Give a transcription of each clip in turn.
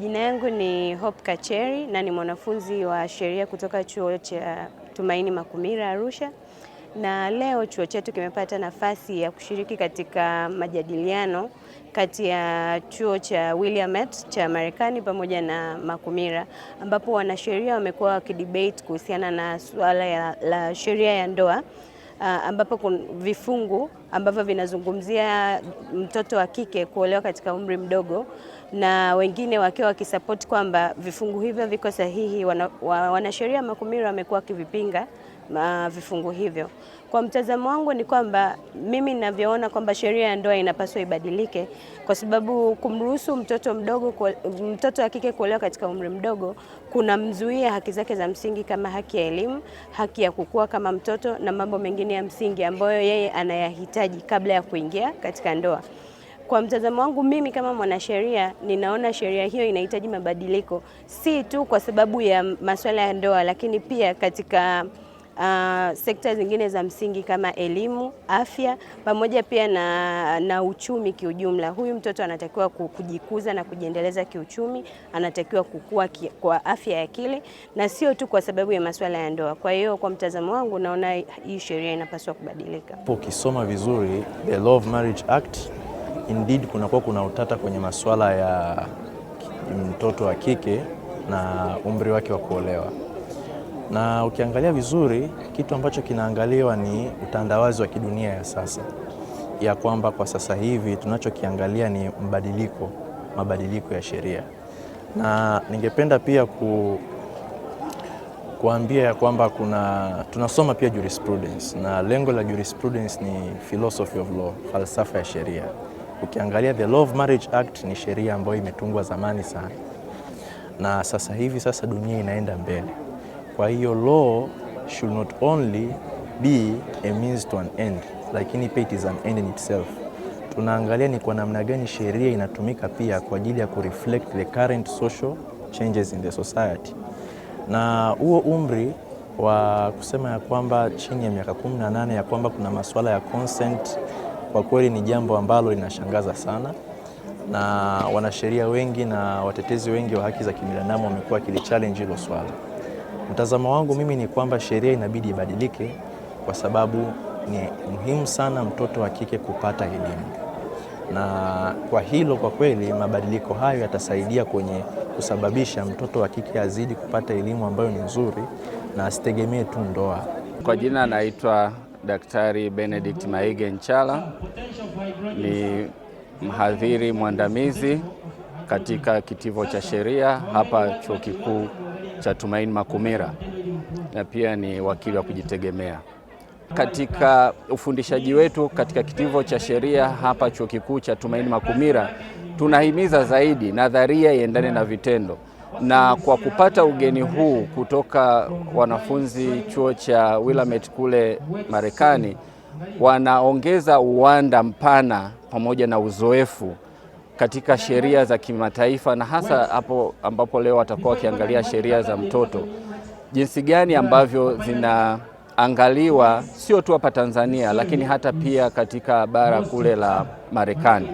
Jina yangu ni Hope Kacheri na ni mwanafunzi wa sheria kutoka chuo cha Tumaini Makumira Arusha, na leo chuo chetu kimepata nafasi ya kushiriki katika majadiliano kati ya chuo cha Willamette cha Marekani pamoja na Makumira, ambapo wanasheria wamekuwa wakidebate kuhusiana na suala la sheria ya ndoa. Uh, ambapo kuna vifungu ambavyo vinazungumzia mtoto wa kike kuolewa katika umri mdogo, na wengine wakiwa wakisapoti kwamba vifungu hivyo viko sahihi. Wanasheria wana makumira wamekuwa wakivipinga vifungu hivyo. Kwa mtazamo wangu ni kwamba mimi ninavyoona kwamba sheria ya ndoa inapaswa ibadilike, kwa sababu kumruhusu mtoto mdogo kwa, mtoto wa kike kuolewa katika umri mdogo kunamzuia haki zake za msingi kama haki ya elimu, haki ya kukua kama mtoto na mambo mengine ya msingi ambayo yeye anayahitaji kabla ya kuingia katika ndoa. Kwa mtazamo wangu mimi kama mwanasheria, ninaona sheria hiyo inahitaji mabadiliko, si tu kwa sababu ya masuala ya ndoa, lakini pia katika Uh, sekta zingine za msingi kama elimu, afya pamoja pia na, na uchumi kiujumla. Huyu mtoto anatakiwa kujikuza na kujiendeleza kiuchumi, anatakiwa kukua ki, kwa afya ya akili na sio tu kwa sababu ya masuala ya ndoa. Kwa hiyo kwa mtazamo wangu naona hii sheria inapaswa kubadilika. Ukisoma vizuri the Law of Marriage Act, indeed kunakuwa kuna utata kwenye masuala ya mtoto wa kike na umri wake wa kuolewa na ukiangalia vizuri, kitu ambacho kinaangaliwa ni utandawazi wa kidunia ya sasa, ya kwamba kwa sasa hivi tunachokiangalia ni mbadiliko, mabadiliko ya sheria, na ningependa pia ku kuambia ya kwamba kuna tunasoma pia jurisprudence na lengo la jurisprudence ni philosophy of law, falsafa ya sheria. Ukiangalia the Law of Marriage Act ni sheria ambayo imetungwa zamani sana, na sasa hivi sasa dunia inaenda mbele. Kwa hiyo law should not only be a means to an end, lakini pia it is an end in itself. Tunaangalia ni kwa namna gani sheria inatumika pia kwa ajili ya kureflect the current social changes in the society, na huo umri wa kusema ya kwamba chini ya miaka 18 ya kwamba kuna masuala ya consent kwa kweli ni jambo ambalo linashangaza sana, na wanasheria wengi na watetezi wengi wa haki za kibinadamu wamekuwa kilichallenge hilo swala. Mtazamo wangu mimi ni kwamba sheria inabidi ibadilike, kwa sababu ni muhimu sana mtoto wa kike kupata elimu, na kwa hilo kwa kweli mabadiliko hayo yatasaidia kwenye kusababisha mtoto wa kike azidi kupata elimu ambayo ni nzuri na asitegemee tu ndoa. Kwa jina anaitwa Daktari Benedict Maige Nchala, ni mhadhiri mwandamizi katika kitivo cha sheria hapa Chuo Kikuu cha Tumaini Makumira, na pia ni wakili wa kujitegemea. Katika ufundishaji wetu katika kitivo cha sheria hapa Chuo Kikuu cha Tumaini Makumira, tunahimiza zaidi nadharia iendane na vitendo, na kwa kupata ugeni huu kutoka wanafunzi chuo cha Willamette kule Marekani, wanaongeza uwanda mpana pamoja na uzoefu katika sheria za kimataifa na hasa hapo ambapo leo watakuwa wakiangalia sheria za mtoto jinsi gani ambavyo zina angaliwa sio tu hapa Tanzania lakini hata pia katika bara kule la Marekani.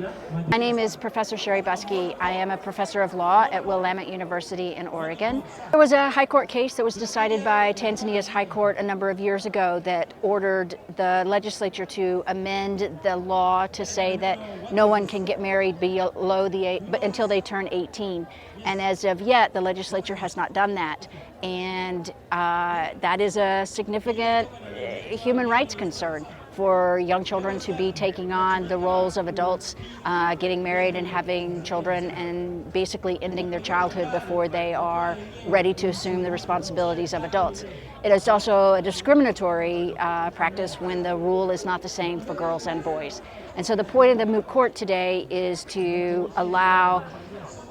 My name is Professor Sherry Buskey. I am a professor of law at Willamette University in Oregon. There was a high court case that was decided by Tanzania's high court a number of years ago that ordered the legislature to amend the law to say that no one can get married below the until they turn 18. And as of yet, the legislature has not done that and uh, that is a significant uh, human rights concern for young children to be taking on the roles of adults, uh, getting married and having children, and basically ending their childhood before they are ready to assume the responsibilities of adults. It is also a discriminatory uh, practice when the rule is not the same for girls and boys. And so the point of the moot court today is to allow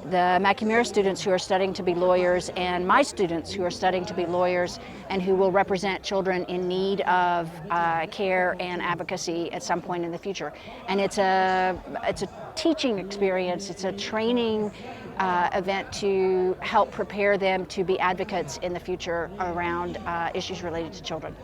the McNamara students who are studying to be lawyers and my students who are studying to be lawyers and who will represent children in need of uh, care and advocacy at some point in the future. And it's a it's a teaching experience. It's a training uh, event to help prepare them to be advocates in the future around uh, issues related to children.